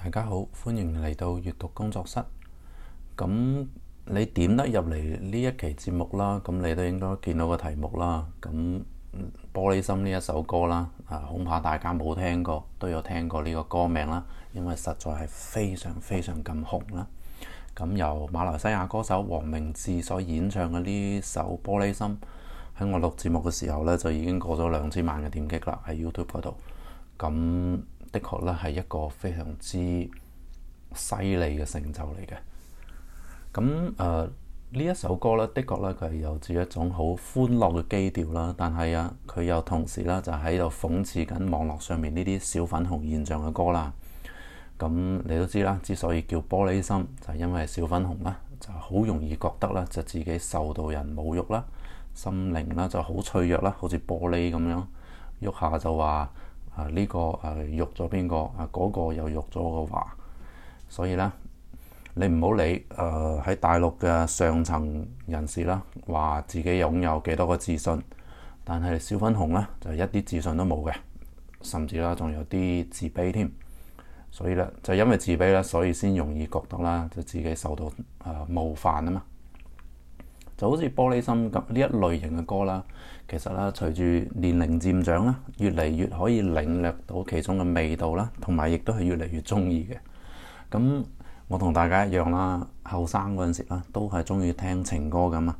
大家好，歡迎嚟到閱讀工作室。咁你點得入嚟呢一期節目啦，咁你都應該見到個題目啦。咁玻璃心呢一首歌啦，啊恐怕大家冇聽過，都有聽過呢個歌名啦，因為實在係非常非常咁紅啦。咁由馬來西亞歌手黃明志所演唱嘅呢首玻璃心，喺我錄節目嘅時候呢，就已經過咗兩千萬嘅點擊啦，喺 YouTube 嗰度。咁的確咧，係一個非常之犀利嘅成就嚟嘅。咁誒，呢、呃、一首歌咧，的確咧，佢係有住一種好歡樂嘅基調啦。但係啊，佢又同時咧，就喺度諷刺緊網絡上面呢啲小粉紅現象嘅歌啦。咁你都知啦，之所以叫玻璃心，就係、因為小粉紅啦，就好容易覺得咧就自己受到人侮辱啦，心靈啦就好脆弱啦，好似玻璃咁樣，喐下就話。啊，呢個誒辱咗邊個啊，嗰個又辱咗個華。所以咧你唔好理誒、喺、呃、大陸嘅上層人士啦，話自己擁有幾多個自信，但係小粉紅咧就一啲自信都冇嘅，甚至啦仲有啲自卑添，所以咧就因為自卑啦，所以先容易覺得啦，就自己受到誒、呃、冒犯啊嘛。就好似玻璃心咁，呢一類型嘅歌啦，其實啦，隨住年齡漸長啦，越嚟越可以領略到其中嘅味道啦，同埋亦都係越嚟越中意嘅。咁我同大家一樣啦，後生嗰陣時啦，都係中意聽情歌㗎嘛。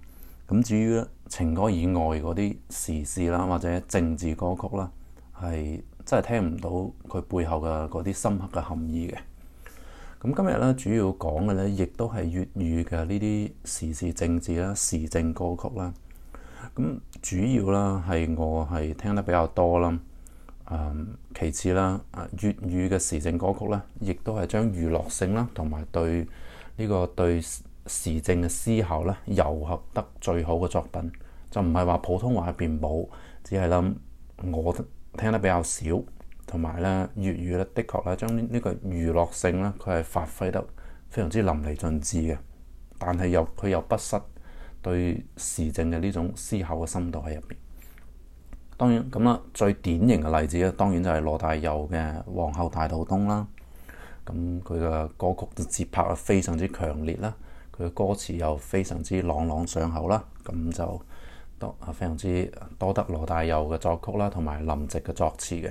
咁至於情歌以外嗰啲時事啦，或者政治歌曲啦，係真係聽唔到佢背後嘅嗰啲深刻嘅含義嘅。咁今日咧主要講嘅咧，亦都係粵語嘅呢啲時事政治啦、時政歌曲啦。咁主要啦係我係聽得比較多啦。誒，其次啦，誒粵語嘅時政歌曲咧，亦都係將娛樂性啦，同埋對呢個對時政嘅思考咧，糅合得最好嘅作品，就唔係話普通話入邊冇，只係諗我聽得比較少。同埋咧，粵語咧，的確啦，將呢呢個娛樂性咧，佢係發揮得非常之淋漓盡致嘅。但係又佢又不失對時政嘅呢種思考嘅深度喺入面。當然咁啦，最典型嘅例子咧，當然就係羅大佑嘅《皇后大道東》啦。咁佢嘅歌曲嘅節拍啊，非常之強烈啦。佢嘅歌詞又非常之朗朗上口啦。咁就多啊，非常之多得羅大佑嘅作曲啦，同埋林夕嘅作詞嘅。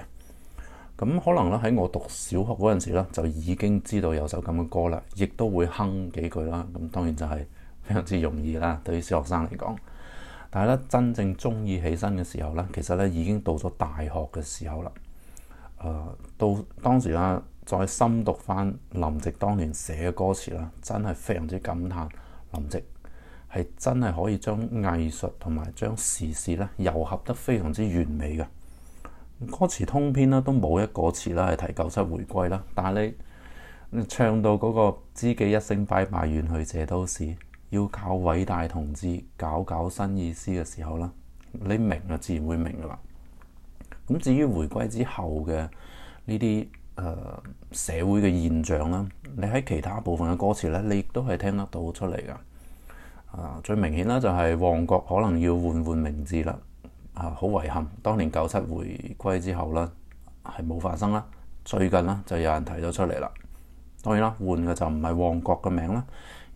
咁可能咧喺我讀小學嗰陣時咧，就已經知道有首咁嘅歌啦，亦都會哼幾句啦。咁當然就係非常之容易啦，對於小學生嚟講。但係咧，真正鍾意起身嘅時候咧，其實咧已經到咗大學嘅時候啦。誒、呃，到當時啊，再深讀返林夕當年寫嘅歌詞啦，真係非常之感嘆，林夕係真係可以將藝術同埋將時事咧糅合得非常之完美嘅。歌詞通篇啦，都冇一個詞啦係提九七回歸啦，但係你，你唱到嗰個知己一聲拜拜遠去這都市，要靠偉大同志搞搞新意思嘅時候啦，你明啊自然會明噶啦。咁至於回歸之後嘅呢啲誒社會嘅現象啦，你喺其他部分嘅歌詞咧，你亦都係聽得到出嚟噶。啊、呃，最明顯啦就係旺角可能要換換名字啦。啊！好遺憾，當年九七回歸之後呢，係冇發生啦。最近呢，就有人提咗出嚟啦。當然啦，換嘅就唔係旺角嘅名啦，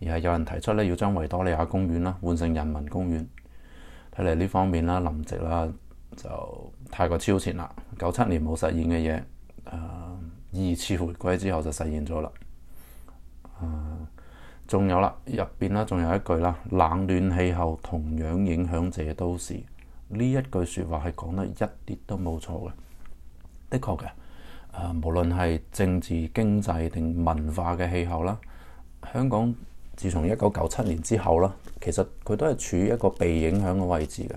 而係有人提出咧，要將維多利亞公園啦換成人民公園。睇嚟呢方面啦，林夕啦就太過超前啦。九七年冇實現嘅嘢，誒、呃、二次回歸之後就實現咗啦。誒、呃，仲有啦，入邊啦，仲有一句啦，冷暖氣候同樣影響這都市。呢一句説話係講得一啲都冇錯嘅，的確嘅。誒、呃，無論係政治、經濟定文化嘅氣候啦，香港自從一九九七年之後啦，其實佢都係處於一個被影響嘅位置嘅。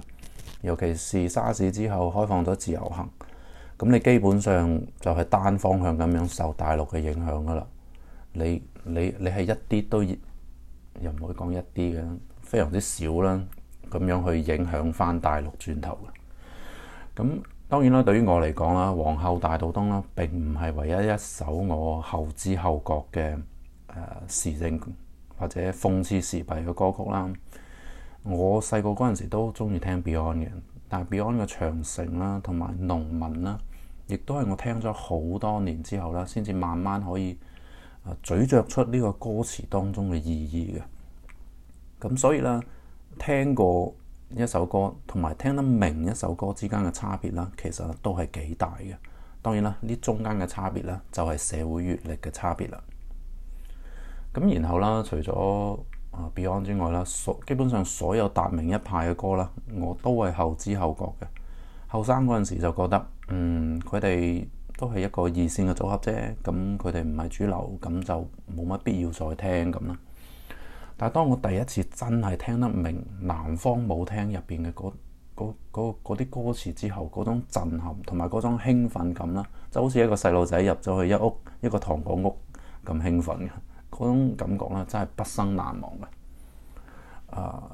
尤其是沙士之後開放咗自由行，咁你基本上就係單方向咁樣受大陸嘅影響㗎喇。你你你係一啲都，又唔會講一啲嘅，非常之少啦。咁樣去影響翻大陸轉頭嘅，咁當然啦，對於我嚟講啦，《皇后大道東》啦並唔係唯一一首我後知後覺嘅誒、呃、時政或者諷刺時弊嘅歌曲啦。我細個嗰陣時都中意聽 Beyond 嘅，但係 Beyond 嘅《長城》啦同埋《農民》啦，亦都係我聽咗好多年之後啦，先至慢慢可以啊咀嚼出呢個歌詞當中嘅意義嘅。咁所以啦。聽過一首歌同埋聽得明一首歌之間嘅差別啦，其實都係幾大嘅。當然啦，呢中間嘅差別咧就係社會閱歷嘅差別啦。咁然後啦，除咗 Beyond 之外啦，所基本上所有達明一派嘅歌啦，我都係後知後覺嘅。後生嗰陣時就覺得，嗯，佢哋都係一個二線嘅組合啫。咁佢哋唔係主流，咁就冇乜必要再聽咁啦。但係，當我第一次真係聽得明南方舞廳入邊嘅嗰啲歌詞之後，嗰種震撼同埋嗰種興奮感啦，就好似一個細路仔入咗去一屋一個糖果屋咁興奮嘅嗰種感覺咧，真係畢生難忘嘅。啊、呃，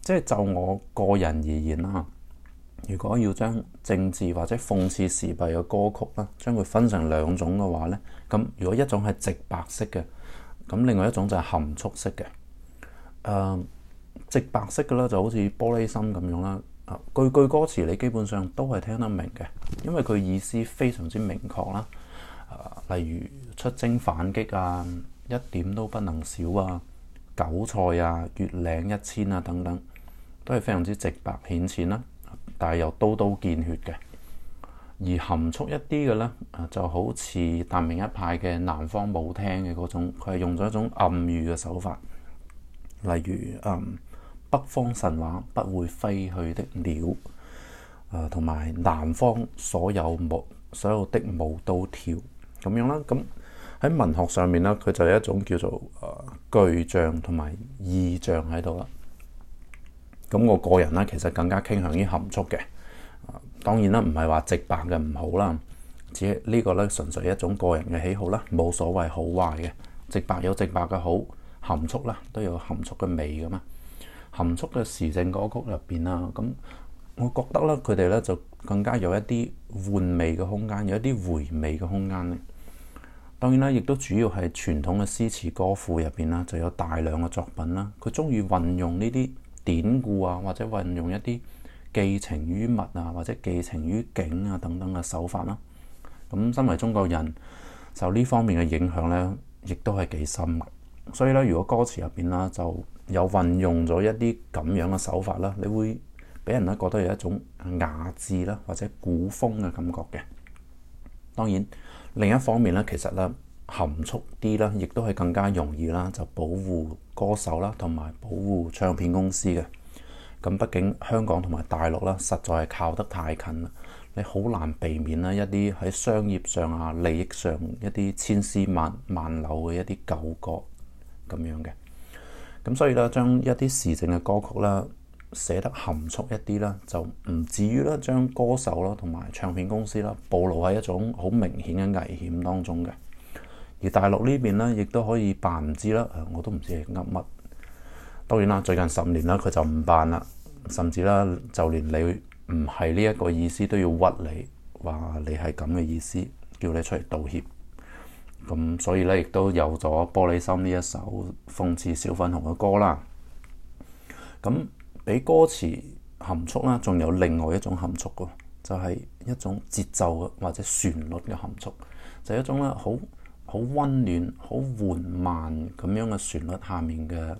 即係就我個人而言啦，如果要將政治或者諷刺時弊嘅歌曲咧，將佢分成兩種嘅話咧，咁如果一種係直白式嘅，咁另外一種就係含蓄式嘅。誒、呃、直白色嘅啦，就好似玻璃心咁樣啦、啊。句句歌詞你基本上都係聽得明嘅，因為佢意思非常之明確啦、啊。例如出征反擊啊，一點都不能少啊，韭菜啊，月領一千啊等等，都係非常之直白顯淺啦、啊。但係又刀刀見血嘅。而含蓄一啲嘅咧，就好似大明一派嘅南方舞廳嘅嗰種，佢係用咗一種暗喻嘅手法。例如誒、嗯、北方神話不會飛去的鳥，誒同埋南方所有舞所有的舞都跳咁樣啦。咁、嗯、喺、嗯、文學上面咧，佢就有一種叫做誒具象同埋意象喺度啦。咁、呃、我、嗯、個人咧，其實更加傾向於含蓄嘅、呃。當然啦，唔係話直白嘅唔好啦，只係、這個、呢個咧純粹一種個人嘅喜好啦，冇所謂好壞嘅。直白有直白嘅好。含蓄啦，都有含蓄嘅味㗎嘛。含蓄嘅時政歌曲入邊啦，咁我覺得咧，佢哋咧就更加有一啲玩味嘅空間，有一啲回味嘅空間咧。當然啦，亦都主要係傳統嘅詩詞歌賦入邊啦，就有大量嘅作品啦。佢中意運用呢啲典故啊，或者運用一啲寄情於物啊，或者寄情於景啊等等嘅手法啦。咁身為中國人，受呢方面嘅影響咧，亦都係幾深嘅。所以咧，如果歌詞入邊啦，就有運用咗一啲咁樣嘅手法啦，你會俾人咧覺得有一種雅致啦，或者古風嘅感覺嘅。當然另一方面咧，其實咧含蓄啲啦，亦都係更加容易啦，就保護歌手啦，同埋保護唱片公司嘅。咁畢竟香港同埋大陸啦，實在係靠得太近啦，你好難避免啦一啲喺商業上啊、利益上一啲千絲萬萬縷嘅一啲糾葛。咁樣嘅，咁所以咧，將一啲時政嘅歌曲咧，寫得含蓄一啲啦，就唔至於咧，將歌手啦同埋唱片公司啦，暴露喺一種好明顯嘅危險當中嘅。而大陸呢邊咧，亦都可以扮唔知啦，我都唔知係噏乜。當然啦，最近十年咧，佢就唔扮啦，甚至啦，就連你唔係呢一個意思都要屈你，話你係咁嘅意思，叫你出嚟道歉。咁所以咧，亦都有咗《玻璃心》呢一首諷刺小粉紅嘅歌啦。咁比歌詞含蓄啦，仲有另外一種含蓄就係一種節奏或者旋律嘅含蓄，就係一種咧好好溫暖、好緩慢咁樣嘅旋律下面嘅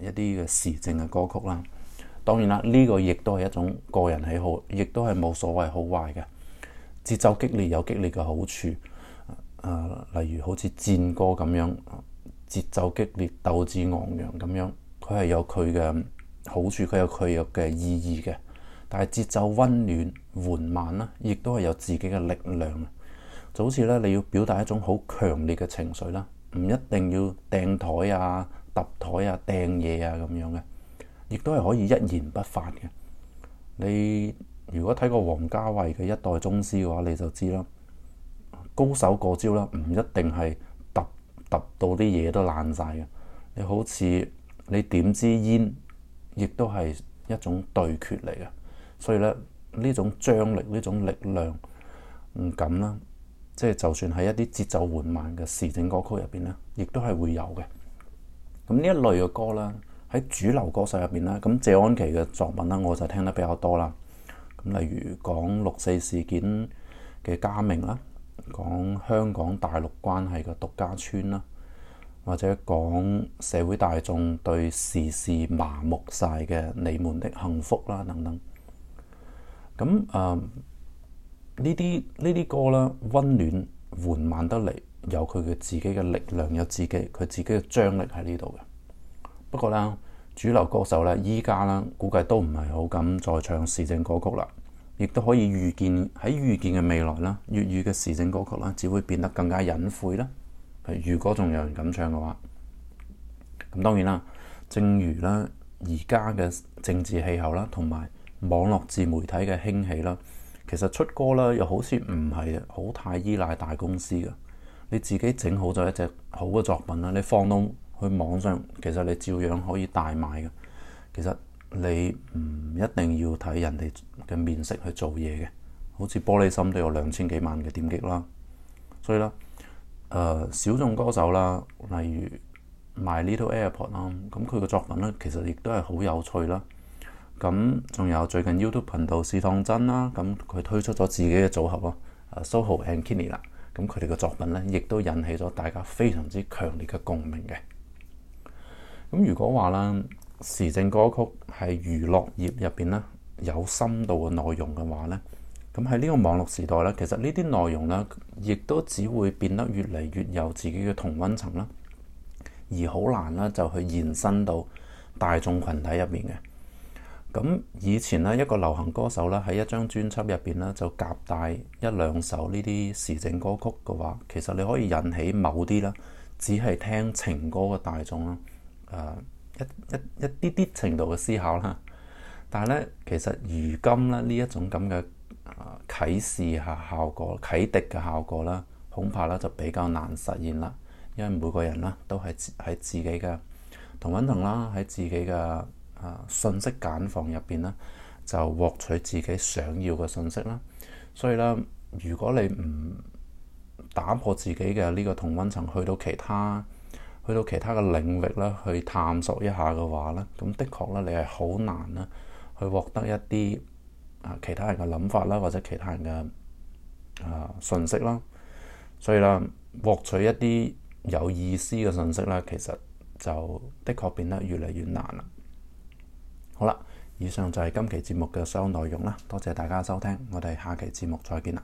一啲嘅時政嘅歌曲啦。當然啦，呢個亦都係一種個人喜好，亦都係冇所謂好壞嘅。節奏激烈有激烈嘅好處。啊，例如好似戰歌咁樣，節奏激烈、鬥志昂揚咁樣，佢係有佢嘅好處，佢有佢嘅意義嘅。但係節奏溫暖、緩慢啦，亦都係有自己嘅力量。就好似咧，你要表達一種好強烈嘅情緒啦，唔一定要掟台啊、揼台啊、掟嘢啊咁樣嘅，亦都係可以一言不發嘅。你如果睇過王家衛嘅《一代宗師》嘅話，你就知啦。高手過招啦，唔一定係揼揼到啲嘢都爛晒嘅。你好似你點支煙，亦都係一種對決嚟嘅。所以咧，呢種張力、呢種力量唔敢啦，即係就算係一啲節奏緩慢嘅時政歌曲入邊咧，亦都係會有嘅。咁呢一類嘅歌啦，喺主流歌手入邊啦。咁謝安琪嘅作品啦，我就聽得比較多啦。咁例如講六四事件嘅《家明》啦。講香港大陸關係嘅獨家村啦，或者講社會大眾對時事麻木晒嘅你們的幸福啦等等，咁誒、呃、呢啲呢啲歌啦溫暖緩慢得嚟，有佢嘅自己嘅力量，有自己佢自己嘅張力喺呢度嘅。不過啦，主流歌手咧依家啦，估計都唔係好敢再唱時政歌曲啦。亦都可以預見喺預見嘅未來啦，粵語嘅時政歌曲啦，只會變得更加隱晦啦。如，如果仲有人咁唱嘅話，咁當然啦。正如啦，而家嘅政治氣候啦，同埋網絡自媒體嘅興起啦，其實出歌啦又好似唔係好太依賴大公司嘅。你自己整好咗一隻好嘅作品啦，你放到去網上，其實你照樣可以大賣嘅。其實。你唔一定要睇人哋嘅面色去做嘢嘅，好似玻璃心都有兩千幾萬嘅點擊啦。所以啦，誒小眾歌手啦，例如 My Little Airport 啦，咁佢嘅作品咧其實亦都係好有趣啦。咁仲有最近 YouTube 頻道試當真啦，咁佢推出咗自己嘅組合咯，誒 Soho and Kenny 啦，咁佢哋嘅作品咧亦都引起咗大家非常之強烈嘅共鳴嘅。咁如果話啦。時政歌曲係娛樂業入邊咧有深度嘅內容嘅話呢，咁喺呢個網絡時代呢，其實呢啲內容呢，亦都只會變得越嚟越有自己嘅同温層啦，而好難咧就去延伸到大眾群體入面嘅。咁以前呢，一個流行歌手咧喺一張專輯入邊呢，就夾帶一兩首呢啲時政歌曲嘅話，其實你可以引起某啲啦，只係聽情歌嘅大眾啦，誒、呃。一啲啲程度嘅思考啦，但係咧，其實如今咧呢一種咁嘅啊啟示下效果、啟迪嘅效果啦，恐怕咧就比較難實現啦，因為每個人啦都係喺自己嘅同温層啦，喺自己嘅啊信息繭房入邊啦，就獲取自己想要嘅信息啦。所以咧，如果你唔打破自己嘅呢個同温層，去到其他。去到其他嘅領域啦，去探索一下嘅話咧，咁的確咧，你係好難啦，去獲得一啲啊其他人嘅諗法啦，或者其他人嘅啊、呃、信息啦，所以啦，獲取一啲有意思嘅信息咧，其實就的確變得越嚟越難啦。好啦，以上就係今期節目嘅所有內容啦，多謝大家收聽，我哋下期節目再見啦。